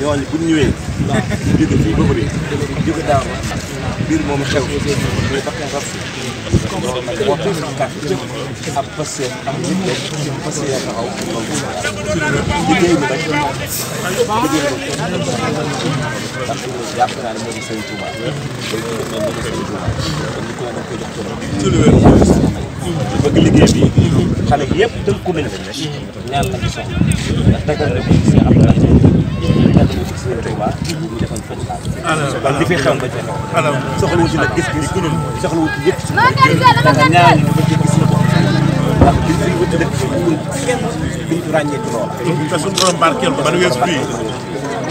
ñooñu bu ñu ñëwee. jóge fii ba bëri. jóge daaw mbir moomu xew. muy bakkan raf si. loolu nag boo tax a ab passé am nit rek passé yaa taxaw loolu liggéey bi rek liggéey bi ndax jàpp naa ne moo di Sëriñ Tuuba. loolu ci demee moo di Sëriñ Tuuba. kon ñu ko da koy jox turam. bëgg liggéey bi xale yëpp tënku nañu. ñaan la ci soxla. ndax tegal na ko ci am alors li fi xew nga ci xew. alors soxla wu ci nag gis-gis. soxla wu ci yëpp ci ñaari ñaar ñi bëgg gis na ko. ndax li fi wut dëkk fi mu kenn te suñu borom barkeel ko ban weesu bii.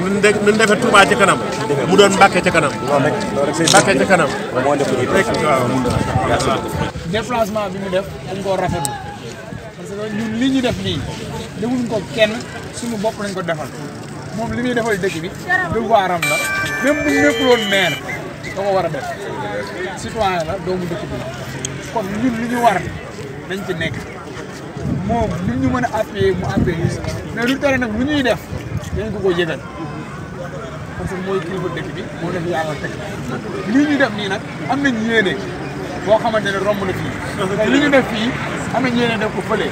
nu defee Touba ca kanam. mu doon bàkkee ca kanam. loolu rek loolu rek say Mbàkke ca kanam. moo def bi mu def dañ koo rafet parce que ñun li ñu def nii defuñ ko kenn suñu bopp lañ ko defal. moom li muy defal dëkk bi devoir am la même bu nekkul woon maire da ko war a def citoyen la doomu dëkk bi la kon ñun li ñu war nañ ci nekk moom li ñu mën a appuyer mu appuyer mais lu tere nag lu ñuy def dañ ko ko yëgal parce que mooy kilifa dëkk bi moo def yaamal teg lii ñu def nii nag am nañ yéene boo xamante ne romb na fii te li ñu def fii am nañ yéene def ko fële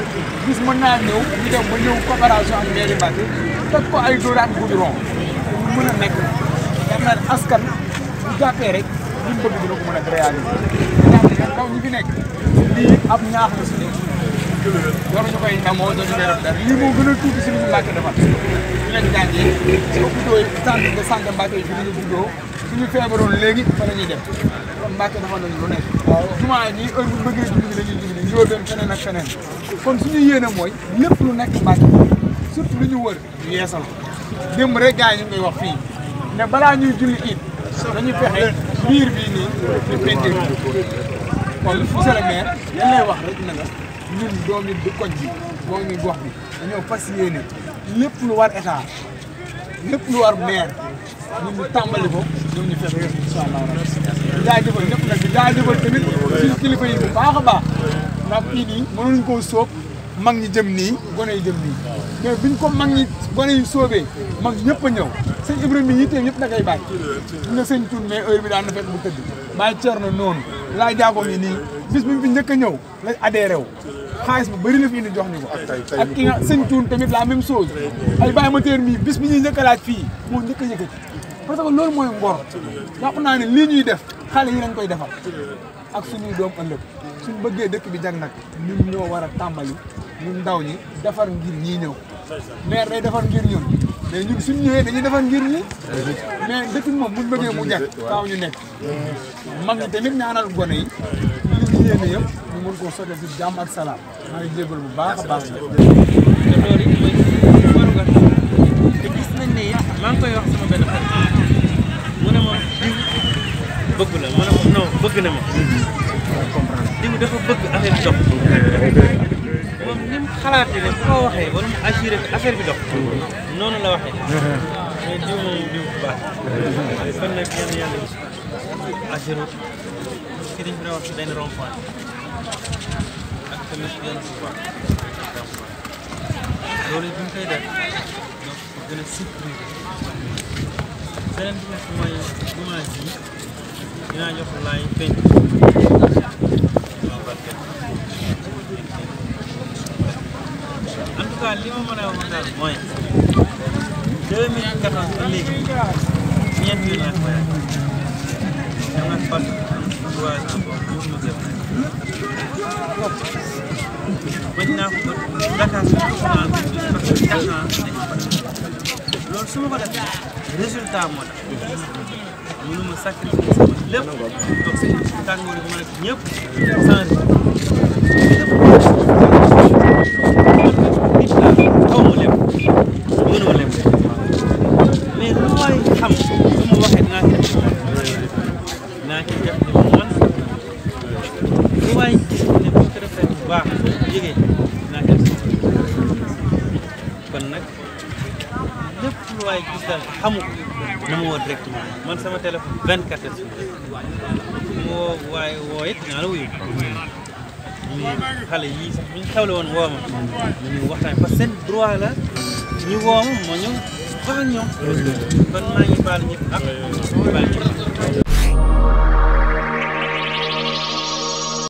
gis mën naa ñëw ñu def ba ñëw coopération ak mairie Mbacké toj ko ay dóoraan goudron mu mën a nekk yaakaar askan rek li mu bëgg dina mën a nekk lii ab ñaax la si nekk waruñu koy ndamoo dañu koy léegi fa la ñuy dem kon Mbàkke defal nañu lu nekk nii heure bu bëggee julli bi la ñuy julli ñoo dem feneen ak feneen kon suñu yéene mooy lépp lu nekk Mbàkke surtout lu ñu wër ñu yeesal démb rek gars yi ñu ngi wax fii ne balaa ñuy julli it dañuy fexe biir bii nii ñu peinture kon monsieur le maire lan lay wax rek na nga ñun doomi du koñ bi doomi gox bi dañoo fas yéene lépp lu war état lépp lu war maire ñun ñu tàmbali ko ñoom ñu fexe yëpp incha allah rabi jaajëfal ñëpp nag sóob mag ñi jëm nii gone yi jëm nii mais biñ ko mag ñi gone yi soobee mag ñëpp a ñëw sëñ Ibrahima yi itam ñëpp da koy bàyyi na sëñ tun mais heure bi daan na fekk bu tëdd bàyyi cer noonu laa jaagoo nii bis bi fi njëkk a ñëw lañ adhéré wu xaalis bu bëri la fi indi jox ñu ko ak sëñ tun tamit la même chose ay bàyyi ma teer mii bis bi ñuy laaj fii moo njëkk a yëkkati parce que loolu mooy ngor jàpp naa ne lii ñuy def xale yi lañ koy defar ak suñuy doom ëllëg suñ bëggee dëkk bi jag nag ni ñoo war a tàmbali ñun ndaw ñi defar ngir ñii ñëw maire day defar ngir ñun mais ñun suñ ñëwee dañuy defar ngir ñi mais dëkk moom buñ bëggee mu jag faaw ñu nekk mag ñi tamit ñaanal gone yi li ñu yéene yëpp ñu mën koo sote si jàmm ak salaam maa ngi jégal bu baax a baax te mu ne ma diw bëgg la ma ne ko non bëgg na ma xalaatee ne bu ko waxee wala mu assuré affaire bi dox. noonu la waxee. mais jiw moom jiw bu baax. kon nag yéen yàlla gis. assuré ki dañ koy wax si benn rond point ak tamit yoon bu baax. loolu bi ñu koy def donc pour gën a sécuriser. beneen bi mooy jumaa ji dinaa jox laay peñ. nag li ma mën a wax daal mooy 2014 ba léegi ñeent ñu nag mooy dama fas trois ans boobu mu ñu def bañ naa ko Dakar suñu naan parce que quatre ans dañu fas loolu su ma ko defee résultat moo tax mënuma sacrifier sama lépp toog si tàngoor bi ma nekk ñëpp sans xel xamu na ma woo directement man sama téléphone 24 heures sur 24 woo waaye woo it naa la wuyu. mais xale yii sax bu ñu xewle woon woo ma. ñu waxtaan parce que seen droit la ñu woo ma ma ñëw wax ak ñoom. kon maa ngi baal ñëpp ak baal ñëpp.